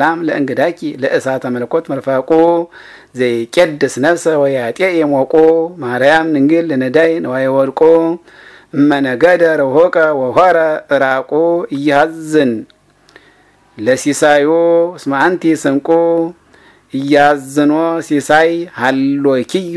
ላም ለእንግዳኪ ለእሳተ መለኮት መርፋቆ ዘይቄድስ ነፍሰ ወያጤ የሞቆ ማርያም ንግል ለነዳይ ነዋይ ወልቆ እመነገደ ረሆቀ ወሆረ ራቁ እያዝን ለሲሳዮ ስማአንቲ ስንቁ እያዝኖ ሲሳይ ሃሎ ኪዮ